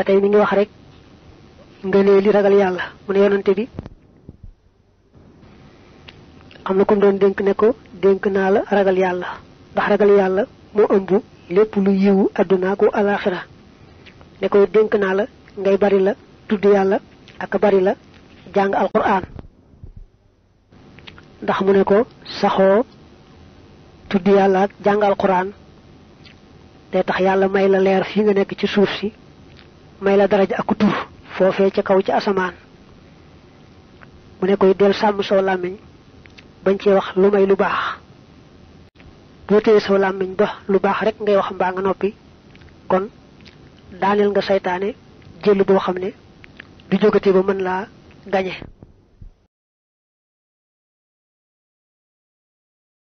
batay mi ngi wax rek ngëne li ragal yalla mu ne yonante bi am na ko doon denk ne ko denk na la ragal yalla ndax ragal yalla mo ëmb lepp lu yewu aduna ko alakhirah ne ko denk na la ngay bari la tudd yalla ak bari la jang alquran ndax mu ne ko saxo tudd yalla ak jang alquran day tax yalla may la leer fi nga nek ci suuf si may la daraja ak tur foofee ca kaw ci asamaan mu ne koy del sàmm saw làmmiñ bañ cee wax lu may lu baax boo soo saw làmmiñ ba lu baax rekk ngay wax mbaa nga noppi kon daaneel nga saytaane jël boo xam ne du jógate ba mën laa gañe